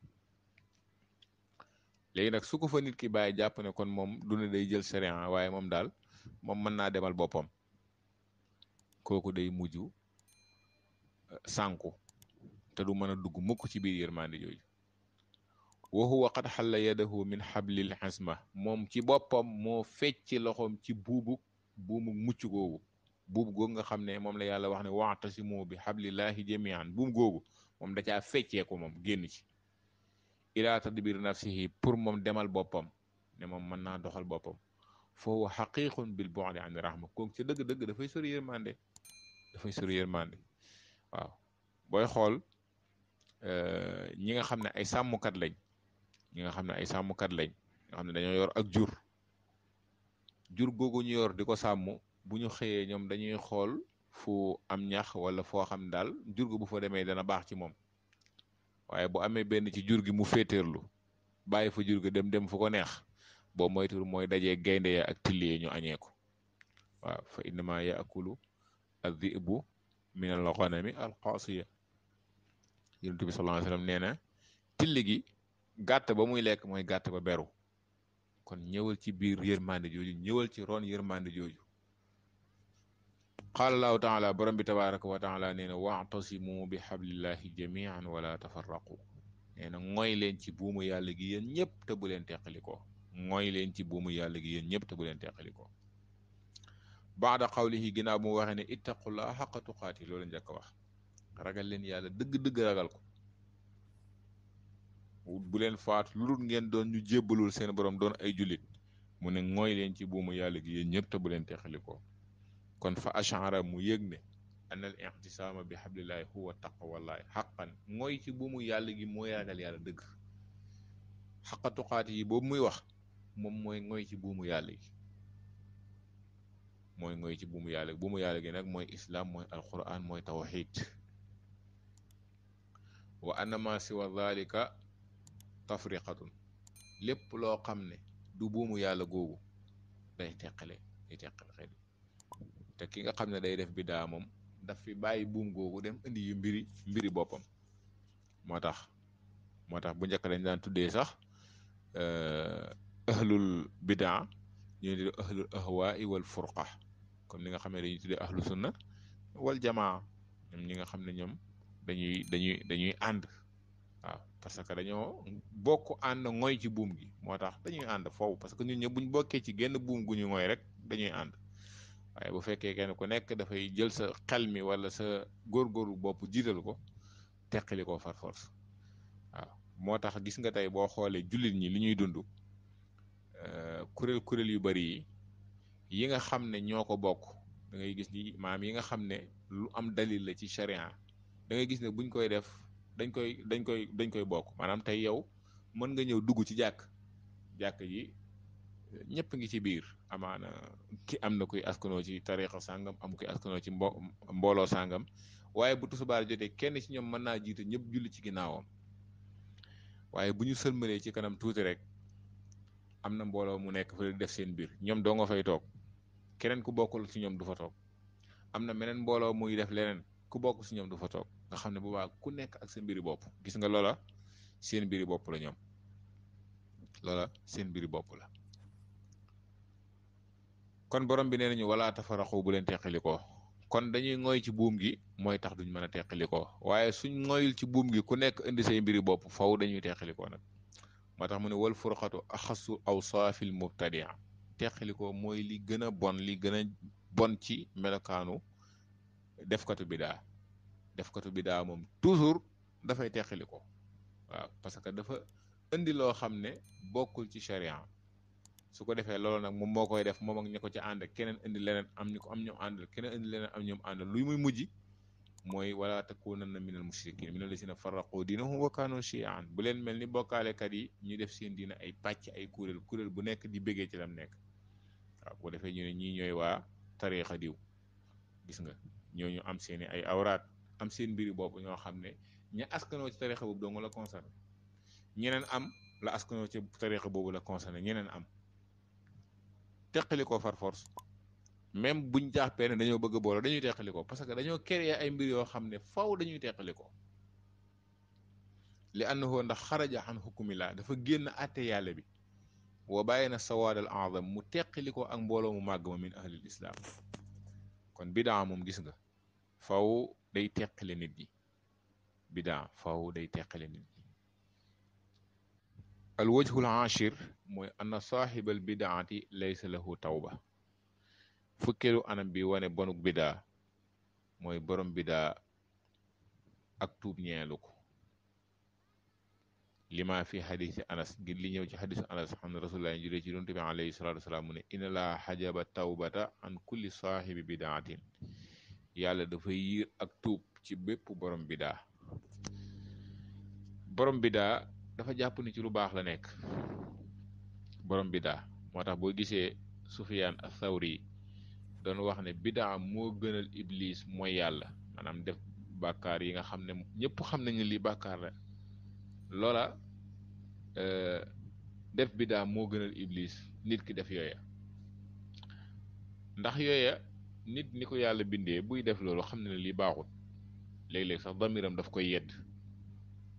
[SPEAKER 2] légui nak suko fa nit ki baye japp ne kon mom du ne day jël sharia waye mom dal mom man na demal bopom. koku day muju eh, sanku te du meuna dugg mukk ci biir yermande joju وهو قد حل يده من حبل العزمة موم تي بوبام مو فيتش لخوم تي بوبو بوم موتشي بوب غوغا خامني موم لا يالا واخني واعتصموا بحبل الله جميعا بوم غوغو موم دا تا فيتشيكو موم генيتي الى تدبير نفسه بور موم ديمال بوبام ني موم مانا دوخال بوبام فهو حقيق بالبعد عن الرحمه كون تي دغ دغ دا فاي سوري يرماندي دا فاي سوري يرماندي واو باي خول ا آه، نيغا خامني اي سامو كات لاني ñi nga xamne ay sammu kat lañ nga xamne ne dañoo yor ak jur jur gogo ñu yor di ko bu ñu dañuy xol fu am ñax wala fo xam dal jur gu bu fa demee dana bax ci mom waye bu amé ben ci jur gi mu féeteerlu bàyyi fa jur gi dem dem fu ko neex moy tur moy dajé gaynde ya ak tilé ya ñu añee ko wa fa innama yaakulu adh-dhi'bu min al ghanami al qasiya yonent bi sallallahu alayhi wasallam nee na tilli gi gàtt ba muy lekk mooy gàtt ba beru kon ñëwal ci biir yërmande jooju ñëwal ci ron yërmande jooju qaala allahu taala borom bi tabaraka wa taala nee na wa'tasimu bi hablillahi jamian wala tafarraqu nee na mooy leen ci buumu yàlla gi yéen ñëpp te bu leen teqalikoo mooy leen ci buumu yàlla gi yéen ñëpp te bu leen teqalikoo baada qawlihi ginnaaw bu mu waxee ne ittaqullaha xaqa tuqaati loolu njëkk wax ragal leen yàlla dëgg-dëgg ragal ko bu leen faat lu dul ngeen doon ñu jébbalul seen borom doon ay julit mu ne ngooy leen ci buumu yàlla gi yéen ñëpp te bu leen texalikoo kon fa ashara mu yëg ne anal ixtisaama bi xablillahi huwa taqwallahi xaqan ngooy ci buumu yàlla gi mooy ragal yàlla dëgg xaqa tuqaati yi boobu muy wax moom mooy ngooy ci buumu yàlla gi mooy ci buumu yàlla gi buumu yàlla gi nag mooy islaam mooy alquran mooy tawxid wa anama siwa dalika tafriqatun lépp loo xam ne du buumu yàlla googu day teqale day te ki nga xam ne day def bidaa moom daf fi bàyyi buum googu dem indi yu mbiri mbiri boppam moo tax moo tax bu njëkk dañ daan tuddee sax euh, ahlul bidaa ñu di ahlul ahwaa wal furqa nga xam ne dañuy tuddee ahlu sunna wal jamaa ñoom ñi nga xam ne ñoom dañuy dañuy dañuy ànd parce que dañoo bokk ànd ngoy ci buum gi moo tax dañuy ànd foofu parce que ñun ñëpp buñ bokkee ci genn buum gu ñu ngoy rek dañuy ànd bu fekkee kenn ku nekk dafay jël sa xel wala sa góorgóorlu bopp jiital ko teqali ko far force moo tax gis nga tey boo xoolee jullit ñi li ñuy dund euh, kuréel kuréel yu bari yi yi nga xam ne ñoo ko bokk da gis ni maam yi nga xam ne lu am dalil la ci sharia da gis ne buñ koy def. dañ koy dañ koy dañ koy bokk maanaam tey yow mën nga ñëw dugg ci jàkk jàkk ji ñëpp ngi ci biir amaana ki am na kuy askanoo ci tariixa sàngam am kuy askanoo ci mbo mbooloo sàngam waaye bu tusubaar jotee kenn ci ñoom mën naa jiite ñëpp julli ci ginnaawam waaye bu ñu sëlmalee ci kanam tuuti rek am na mbooloo mu nekk fa def seen biir ñoom doo nga fay toog keneen ku bokkul ci ñoom du fa toog am na meneen mbooloo muy def leneen ku bokkul ci ñoom du fa toog nga xam ne bu baax ku nekk ak seen mbiri bopp gis nga lola seen mbiri bopp la ñoom lola seen mbiri bopp la kon borom bi nee nañu wala tafaraxu bu leen teqalikoo kon dañuy ngooy ci buum gi mooy tax duñ mën a teqalikoo waaye suñ ngooyul ci buum gi ku nekk indi say mbiri bopp faw dañuy teqalikoo nag moo tax mu ne wal furqatu axasu awsaafil mubtadia teqalikoo mooy li gën a bon li gën a bon ci melokaanu defkatu bidaa def ko tu bidaa moom toujours dafay teqali ko waaw parce que dafa indi loo xam ne bokkul ci sharia su ko defee loolu nag moom moo koy def moom ak ñi ko ci ànd keneen indi leneen am ñu ko am ñoom àndal keneen indi leneen am ñoom àndal luy muy mujj mooy wala takunanna minal mushrikin minal lazina farraqu diinahum wa kaanu shi'an bu leen mel ni bokkaalekat yi ñu def seen diina ay pàcc ay kuréel kuréel bu nekk di bëggee ci lam nekk waaw bu ko defee ñu ne ñii ñooy waa tariixa diw gis nga ñooñu am seeni ay awraat am seen mbiri boobu ñoo xam ne ña askanoo ci tarixa boobu dong ñeneen am la askanoo ci tarixa boobu la concerné ñeneen am teqali ko far force même buñ jàppee ne dañoo bëgg a dañuy teqali ko parce que dañoo créer ay mbir yoo xam ne faw dañuy teqali ko li annahu ndax xaraja an xukumilaa dafa génn àtte yàlla bi wa bàyyi na sawaadal azam mu teqali ko ak mbooloo mu màgg ma min ahlil islam kon bidaa moom gis nga faw day teqale nit ñi bidaa faaw day teqale nit ñi al wajhu ashir mooy anna saaxiba al bidaati laysa lahu tawba fukkeelu anam bi wane bonuk bidaa mooy borom bidaa ak tuub ñeelu ko lima fi xadisi anas ngir li ñëw ci xadisu anas xam ne rasulullah juree ci yonent bi alayhi salatu wasalaam mu ne inna laa xajaba tawbata an kulli saaxibi bidaatin da fay yir ak tuub ci bepp borom bidaa borom bidaa dafa japp ni ci lu bax la nek borom bidaa motax bo sufyan athawri don wax ne bida mo gënal iblis moy yalla manam def bakar yi nga xamne ñepp ñëpp li bakar la lola euh def bidaa mo gënal iblis nit ki def yooya ndax nit ni ko yàlla bindee buy def loolu xam na ne lii baaxut léegi léeg sax damiram daf koy yedd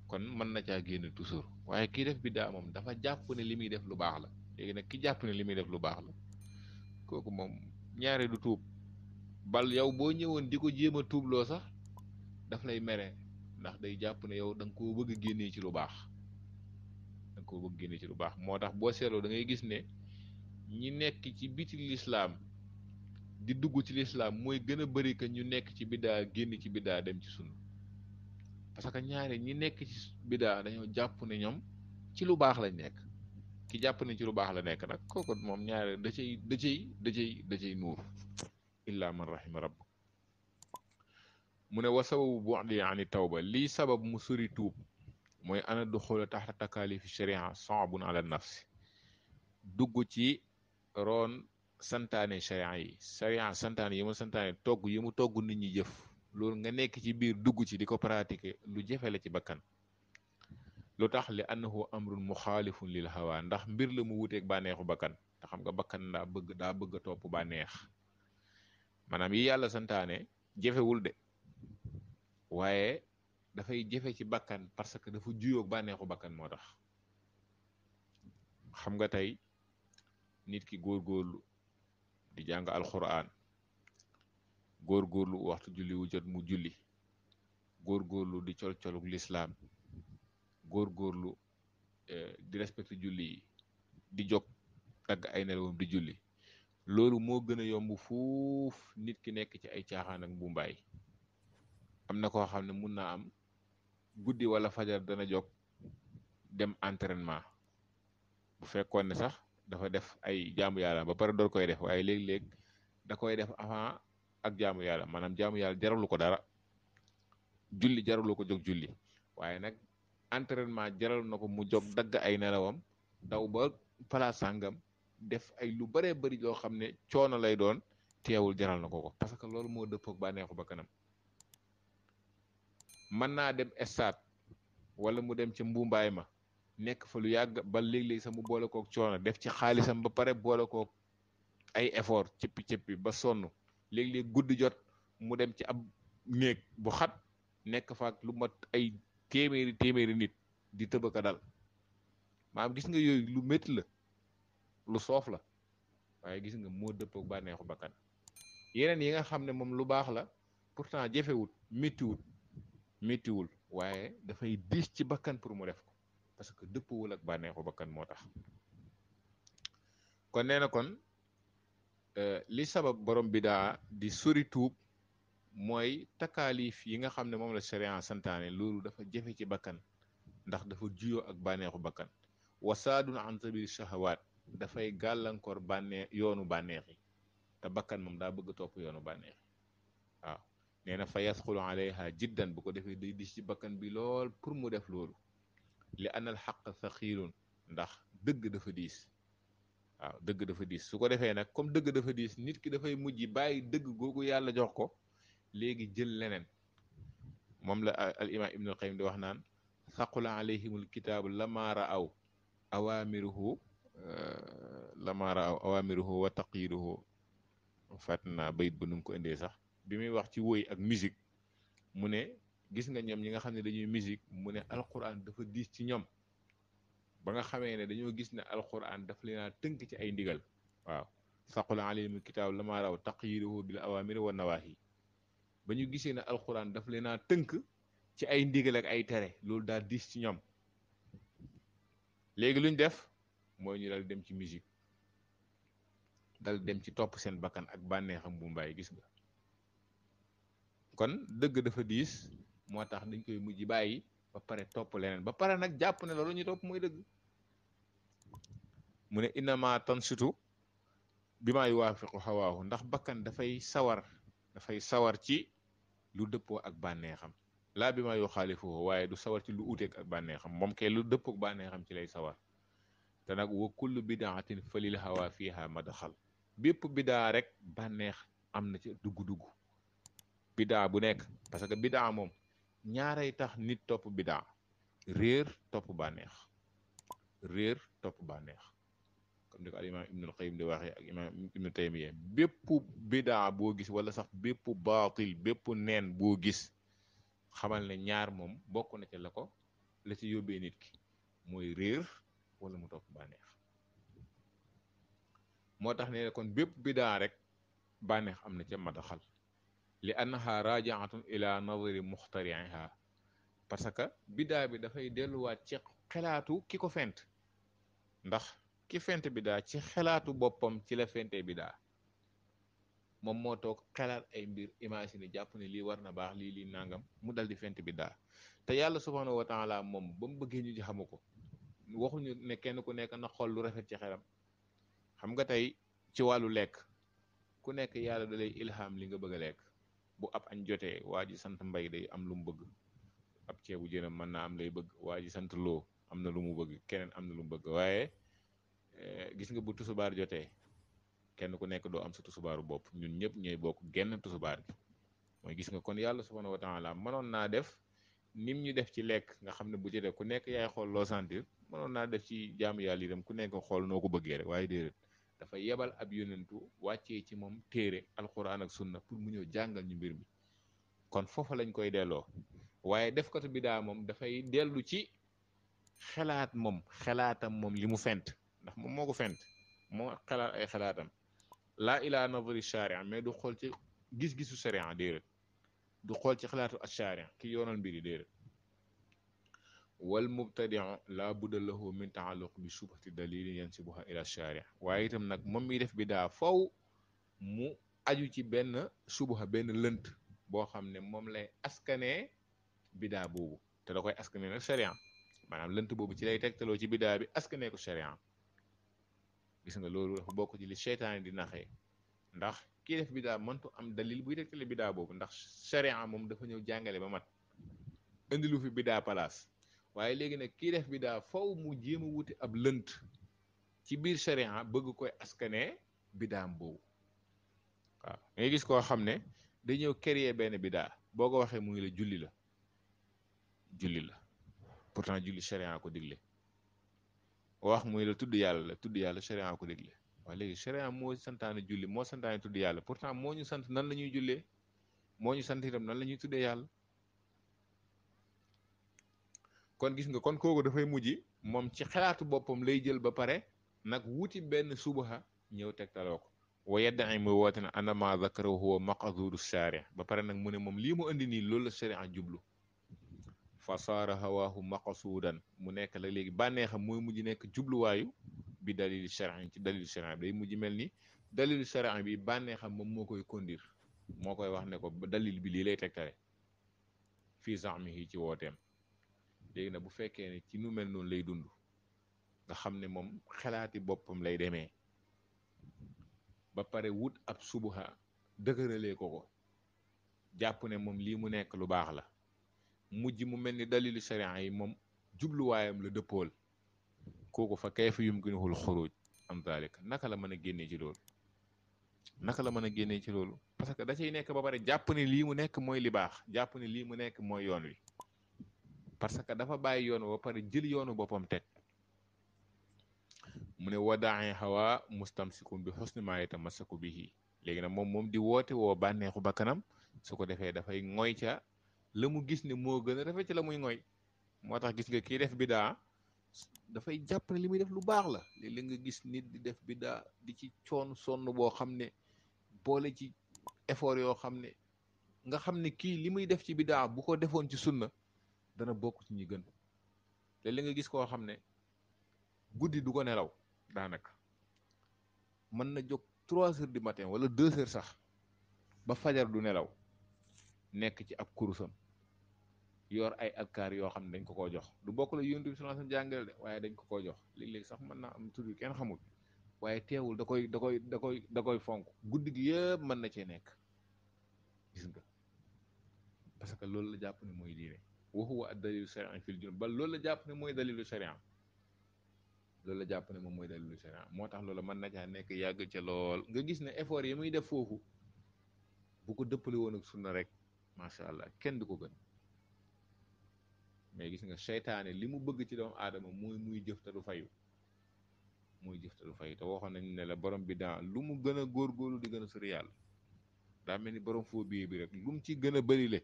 [SPEAKER 2] kon mën na ca génne toujours waaye kii def biddaa moom dafa jàpp ne li muy def lu baax la léegi nag ki jàpp ne muy def lu baax la kooku moom ñaare du tuub bal yow boo ñëwoon di ko jéem a tuubloo sax daf lay mere ndax day jàpp ne yow danga nga koo bëgg génnee ci lu baax da nga koo ci lu baax moo tax boo seetloo dangay gis ne ñi nekk ci biti lislaam di dugg ci lislaam mooy gën a bëri ñu nekk ci biddaa génn ci biddaa dem ci sunna parce que ñaari ñi nekk ci biddaa dañoo jàpp ne ñoom ci lu baax lañ nekk ki jàpp ne ci lu baax la nekk nag kooku moom ñaari da cay da cay da cay da cay nuur illaa man rahima rabb mu ne wa sababu bu'di ani tawba lii sabab mu sori tuub mooy ana duxula taxta takaalifi sharia saabun ala nafsi dugg ci roon santaane sharia yi sharia santaane yi mu santane togg yi mu togg nit ñi jëf loolu nga nekk ci biir dugg ci di ko pratiquer lu jafe la ci bakkan lu tax li annahu amrun muxaalifun lil hawa ndax mbir la mu wuteeg bànneexu bakkan te xam nga bakkan daa bëgg daa bëgg a topp bànneex maanaam yi yàlla santaane jafewul de waaye dafay jafe ci bakkan parce que dafa juyoog bànneexu bakkan moo tax xam nga tey nit ki góorgóorlu di jàng alquran góorgóorlu waxtu julli wu jot mu julli góor góorlu di col-colug lislaam góorgóorlu eh, di respecte julli yi di jóg dagg ay nelawam di julli loolu moo gën a yomb fuuf nit ki nekk ci ay caaxaan ak mbumbaay am na koo xam ne mun naa am guddi wala fajar dana jóg dem entraînement bu fekkoon ne sax dafa def ay jaamu yàlla ba pare door koy def waaye léeg-léeg da koy def avant ak jaamu yàlla maanaam jaamu yàlla jaralu ko dara julli jaralu ko jog julli waaye nag entraînement jaral na ko mu jóg dagg ay nelawam daw ba place sangam def ay lu bëree bëri loo xam ne coono lay doon teewul jaral na ko ko parce que loolu moo dëppoog bànneexu ba kanam mën naa dem stade wala mu dem ci mbuumbaay ma nekk fa lu yàgg ba léeg-léeg sax mu boole kook coono def ci xaalisam ba pare boole kook ay effort cëppi cëppi ba sonn léeg-léeg guddi jot mu dem ci ab néeg bu xat nekk fa lu mat ay téeméeri téeméeri nit di tëbaka dal maam gis nga yooyu lu métti la lu soof la waaye gis nga moo dëppook bànneexu bakkan yeneen yi nga xam ne moom lu baax la pourtant jafewut méttiwut méttiwul waaye dafay diis ci bakkan pour mu def ko parce que dëppwul ak bànneexu bakkan moo tax kon nee na kon euh, li sabab borom bi daa di sori tuub mooy takaalif yi nga xam ne moom la sharia santaane loolu dafa jafe ci bakkan ndax dafa juyoo ak bànneexu bakkan wasaadun an sabili shahawaat dafay gàllankoor bànneex yoonu bànneex yi te bakkan moom daa bëgg topp yoonu bànneex yi waaw nee na fa yasxulu alayha jiddan bu ko defee day dis ci bakkan bi lool pour mu def loolu لان الحق ثقيل ندخ دغ دافا ديس واو دغ ديس سوكو ديفاي نا كوم دغ دافا ديس نيت كي دافاي موجي باي دغ غوغو يالا جوخكو ليغي جيل لنن موم لا الامام ابن القيم دي ثقل عليهم الكتاب لما راوا اوامره لما راوا اوامره وتقيله فاتنا بيت بنكو اندي صح بيمي واخ اك ميوزيك مو gis nga ñoom ñi nga xam ne dañuy musique mu ne alquran dafa diis ci ñoom ba nga xamee ne dañoo gis ne alquran daf leen tënk ci ay ndigal waaw saqul alayhimul kitaab lama raw taqyiruhu bil awamiri wa nawahi ba ñu gisee ne alquran daf leen tënk ci ay ndigal ak ay tere loolu daal diis ci ñoom léegi lu def mooy ñu dal dem ci musique dal dem ci topp seen bakkan ak bànneexam bu mbaay gis nga kon dëgg dafa diis motax dañ koy mujj bayyi ba paré top lenen ba paré nak japp né lolu ñu top moy dëgg mune ne tansutu bima yuwafiqu ndax bakkan fay sawar fay sawar ci lu dëppoo ak banexam la bima maa khalifu waaye du sawar ci lu utek ak banexam mom ke lu depp ak banexam ci lay sawar te nak wa kullu bid'atin falil hawa fiha madkhal bepp bid'a rek banex amna dugu ci dugg-dugg bid'a bu nek parce que bid'a mom ñaaray tax nit topp bidaa réer topp bànneex réer topp bànneex comme ni ko al imam ibnul qayim di waxee ak imam ibnu taymiya bépp bidaa boo gis wala sax bépp baatil bépp neen boo gis xamal ne ñaar moom bokk na ci la ko la ci yóbbee nit ki mooy réer wala mu topp bànneex moo tax ne kon bépp bidaa rek bànneex am na ca madaxal li annaha rajaatun ila nadri muxtariha parce que biddaa bi dafay delluwaat ci xelaatu ki ko fent ndax ki fent bidaa ci xelaatu boppam ci la fente bidaa moom moo toog xelaat ay mbir imagine jàpp ne lii war na baax lii lii nangam mu dal di fent bidaa te yàlla subhaanahu wa taala moom ba mu bëggee ñu ci xamu ko waxuñu ne kenn ku nekk na xool lu rafet ci xelam xam nga tey ci wàllu lekk ku nekk yàlla da lay ilham li nga bëgg a lekk bu ab añ jotee waa ji sant mbay day am lu mu bëgg ab ceebu jënam mën naa am lay bëgg waa ji sant loo am na lu mu bëgg keneen am na lu mu bëgg waaye eh, gis nga bu tusubaar jotee kenn ku nekk doo am sa tusubaaru bopp ñun ñëpp ñooy bokk genn tusubaar bi mooy gis nga kon yàlla subhaanahu wa laa mënoon naa def nim ñu def ci lekk nga xam ne bu ci ku nekk yaay xool loo sentir mënoon naa def ci jaamu yàlla itam ku nekk xool noo ko bëggee rek waaye déedéet dafa yebal ab yonentu wàccee ci moom téere alquran ak sunna pour mu ñëw jàngal ñu mbir mi kon foofa lañ koy delloo waaye def ko bi daa moom dafay dellu ci xalaat moom xalaatam moom li mu fent ndax moom moo ko fent moo xalaat ay xalaatam laa ilaa nazari charia mais du xool ci gis-gisu charia déedéet du xool ci xalaatu ak charia ki yoonal mbiri déedéet wal mubtadia laa budda lahu min taalluq bi subhati dalili yansibuha a shaari waaye itam nag moom mi def bidaa faw mu aju ci benn subuha benn lënt boo xam ne moom lay askanee bidaa boobu te da koy askanee nag maanaam lënt boobu ci lay tegtaloo ci bidaa bi askanee ko sharia gis nga loolu boo ko ci li seytaane di naxee ndax kii def bidaa mëntu am dalil buy tegtale bidaa boobu ndax sharia moom dafa ñëw jàngale ba mat indi fi bidaa palaas waaye léegi nag kii def bidaa faw mu jéem a wuti ab lënt ci biir sharia bëgg koy askanee bidaam boobu waaw ngay gis koo xam ne day ñëw créer benn bidaa boo ko waxee mu ngi la julli la julli la pourtant julli sharia ko digle wax muy la tudd yàlla la tudd yàlla sharia ko digle waaye léegi sharia moo santaane julli moo santaane tudd yàlla pourtant moo ñu sant nan la ñuy jullee moo ñu sant itam nan la ñuy tuddee yàlla kon gis nga kon kooku dafay mujj moom ci xalaatu boppam lay jël ba pare nag wuti benn subaha ñëw tegtaloo ko wa yeddaxi muy woote ne anama zakarahu huwa maqdudu sharia ba pare nag mu ne moom lii mu indi nii loolu la sharia jublu fa saara hawaahu maqsuudan mu nekk la léegi bànneexam mooy mujj nekk jubluwaayu bi dalilu sharia ci dalilu sharia bi day mujj mel ni dalilu sharia bi bànneexam moom moo koy kondir moo koy wax ne ko dalil bi lii lay tegtale fii sax mi ci wooteem léegi nag bu fekkee ne ci nu mel noonu lay dund nga xam ne moom xalaati boppam lay demee ba pare wut ab subuha dëgëralee ko ko jàpp ne moom lii mu nekk lu baax la mujj mu mel ni dalilu sharia yi moom jubluwaayam la dëppool kooku fa kayfa yumkinuhul xuruj am daalika naka la mën a génnee ci loolu naka la mën a génnee ci loolu parce que da cay nekk ba pare jàpp ne lii mu nekk mooy li baax jàpp ne lii mu nekk mooy yoon wi parce que dafa bàyyi yoon ba pare jël yoonu boppam teg mu ne wadaaxee xawaa mustamsikun bi xusni maa bi bihi léegi nag moom moom di woote woo bànneexu ba kanam su ko defee dafay ngoy ca la mu gis ne moo gën a rafet ci la muy ngoy moo tax gis nga kii def bidaa dafay jàpp ne li muy def lu baax la léeg nga gis nit di def bidaa di ci coon sonn boo xam ne boole ci effort yoo xam ne nga xam ne kii li muy def ci biddaa bu ko defoon ci sunna dana bokk ci ñi gën léeg nga gis koo xam ne guddi du ko nelaw daanaka mën na jóg trois heures du matin wala deux heures sax ba fajar du nelaw nekk ci ab kurusam yor ay alkaar yoo xam ne dañ ko koo jox du bokk la yonent bi sallallahu alayhi de waaye dañ ko koo jox léeg-léeg sax mën naa am tur yu kenn xamul waaye teewul da koy da koy da koy da koy fonk guddi gi yëpp mën na cee nekk gis nga parce que loolu la jàpp ne mooy diine wa huwa ad dalilu sharian fil junub ba loolu la jàpp ne mooy dalilu sharian loolu la jàpp ne moom mooy dalilu sharian moo tax loola man na caa nekk yàgg ca lool nga gis ne effort yi muy def foofu bu ko dëppale woon ak sunna rek macha allah kenn du ko gën mais gis nga seytaane li mu bëgg ci doomu aadama mooy muy jëf te du fayu muy jëf te fayu te waxoon nañ ne la borom bi daan lu mu gën a góorgóorlu di gën a sori yàlla daa mel ni borom foo bi bi rek lu ci gën a bërile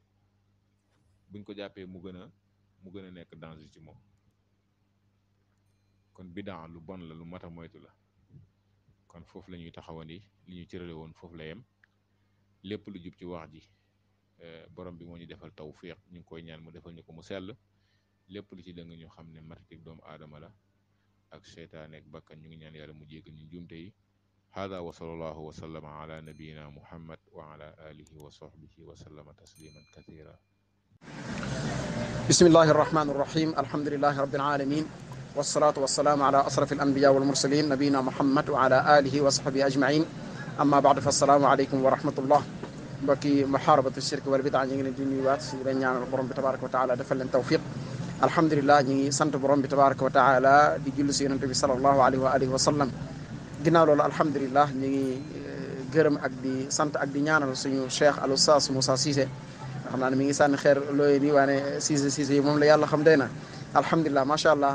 [SPEAKER 2] buñ ko jàppee mu gën a mu gën a nekk danger ci moom kon bidaa lu bon la lu mat a moytu la kon foofu la ñuy taxawandi li ñu cërale woon foofu la yem lépp lu jub ci wax ji borom bi moo ñu defal tawfiq ñu ngi koy ñaan mu defal ñu ko mu sell lépp lu ci dëng ñu xam ne matatik doomu aadama la ak seytaane ak bakkan ñu ngi ñaan yàlla mu jéggal ñu jumte yi hada wa sallallahu wa sallama ala nabiyina muhammad wa ala alihi wa sahbihi wa sallama tasliman kathira
[SPEAKER 1] bismillahi arrahmani irrahim alhamdulilahi rabilalamin walsalatu walsalaamu ala asrafi alambiya walmursalin nabiyina muhammad wa ala alihi wa sahbihi ajmain amma baado fa assalaamu aleykum wa rahmatullah mbokki muharabatu shirk wal bidaa ñi ngi leen di nuyuwaat si leen ñaanal borom bi tabaraka wa taala defal leen tawfiq alhamdulilah ñi ngi sant borom bi tabaraka wa taala di julli si yonente bi salallahu alayhi wa alihi wa sallam ginnaaw loolu alhamdulilah ñi ngi eh, gërëm ak di sant ak di ñaanal suñu cheikh al ustaas Moussa Cissé xam naa ne mi ngi sànni xeer looyee nii waane siise siise yi moom la yàlla xam day na alhamdulilah macha allah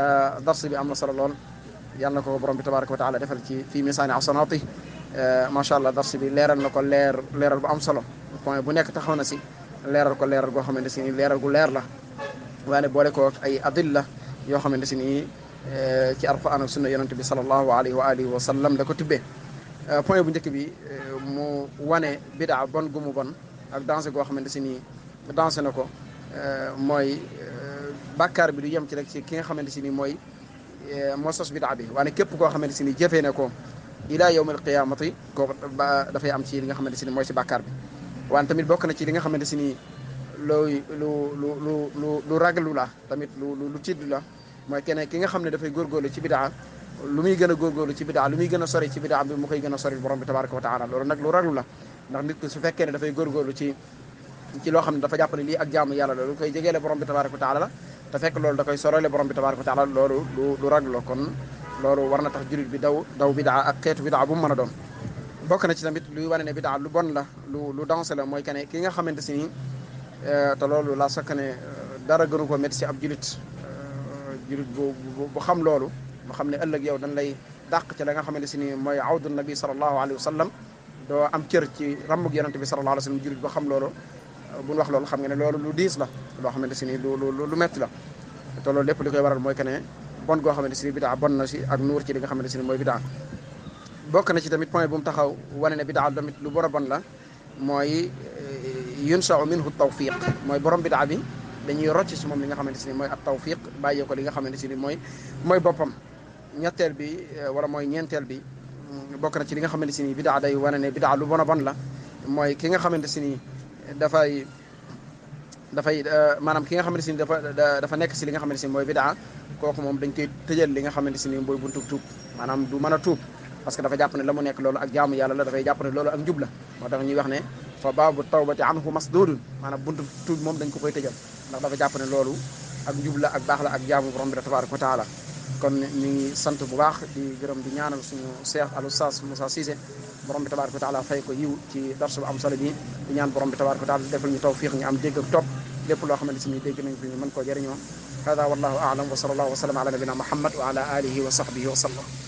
[SPEAKER 1] euh, dars bi am na solo lool yàlla na ko borom bi tabaraka wa taala defal ci fii misaani asanaati euh, macha allah dars bi leeral na ko leer leeral bu am solo point bu nekk taxaw na si leeral ko leeral goo xamante si leeral gu leer la waane boole ko ay adilla yoo xamante si ni euh, ci alquran ak sunna yonente bi salallahu alayhi wa alihi wa sallam la ko tibbee point bu njëkk bi mu wane bidaa bon gu mu bon ak danse goo xamante si nii danse na ko mooy bàkkaar bi du yem ci rek ci ki nga xamante si nii mooy moo sos bidaa bi waaye képp koo xamante si nii jëfee na ko ila yawm al qiyamati kooku dafay am ci li nga xamante si ni mooy si bàkkaar bi waaye tamit bokk na ci li nga xamante si nii looy lu lu lu lu lu raglu la tamit lu lu tiddu la mooy kene ki nga xam ne dafay góorgóorlu ci bidaa lu muy gën a góorgóorlu ci bidaa lu muy gën a sori ci bidaa bi mu koy gën a sori borom bi tabaraka wa taala loolu nag lu raglu la ndax nit ki su fekkee ne dafay góorgóorlu ci ci loo xam ne dafa jàpp ne lii ak jaamu yàlla la lu koy jegeele borom bi tabaraka wa taala la te fekk loolu da koy sorole borom bi tabaraka wa taala loolu lu lu raglo kon loolu war na tax julit bi daw daw bidaa ak xeetu bidaa bu mu a doon bokk na ci tamit luy wane ne bidaa lu bon la lu lu la mooy kene ki nga xamante si nii euh, te loolu la sakk ne euh, dara gënu ko métti si ab julit euh, boo bu bu xam loolu mu xam ne ëllëg yow dañ lay dàq ci la nga xamante si nii mooy awdu nabi sallallahu alayhi wa sallam doo am cër ci rammug yonente bi sallallahu alayhi wa sallam jurit ba xam loolu bu ñu wax loolu xam nga ne loolu lu diis la loo xamante si ni lu lu metti la te loolu lépp li koy waral mooy que ne bon goo xamante si ni bidaa bon na si ak nuur ci li nga xamante si ni mooy bidaa bokk na ci tamit point bu mu taxaw wane ne bidaa tamit lu bor a bon la mooy eh, yunsau minhu tawfiq mooy borom bidaa bi dañuy rocc si moom li nga xamante ni mooy ab tawfiq bàyyee ko li nga xamante si ni mooy mooy boppam ñetteel bi eh, wala mooy ñeenteel bi bokk na ci li nga xamante ni bidaa day wane ne bidaa lu bon a la mooy ki nga xamante si ni dafay dafay euh, maanaam ki nga xamante ni dafa dafa nekk si li nga xamante si ni mooy bidaa kooku moom dañ koy tëjal li nga xamante si ni mooy buntu tuub maanaam du mën a tuub parce que dafa jàpp ne la mu nekk loolu ak jaamu yàlla la dafay jàpp ne loolu ak njub la moo tax ñuy wax ne fa baabu tawbati anhu masdudun maanaam buntu tuub moom dañ ko koy tëjal ndax dafa jàpp ne loolu ak njub ak baax la ak jaamu borom bi tabaraka wa taala kon ñu ngi sant bu baax di gërëm di ñaanal suñu seex al oustaz Moussa Cissé borom bi tabaraka wa taala fay ko yiw ci darsu bu am solo bi di ñaan borom bi tabaraka wa taala defal ñu tawfiq ñu am dégg ak topp lépp loo xamante si ni dégg nañ ko ñu mën koo jëriñoo hada wallahu aalam wa sallallahu wa sallam ala nabina muhammad wa ala alihi wa sahbihi wa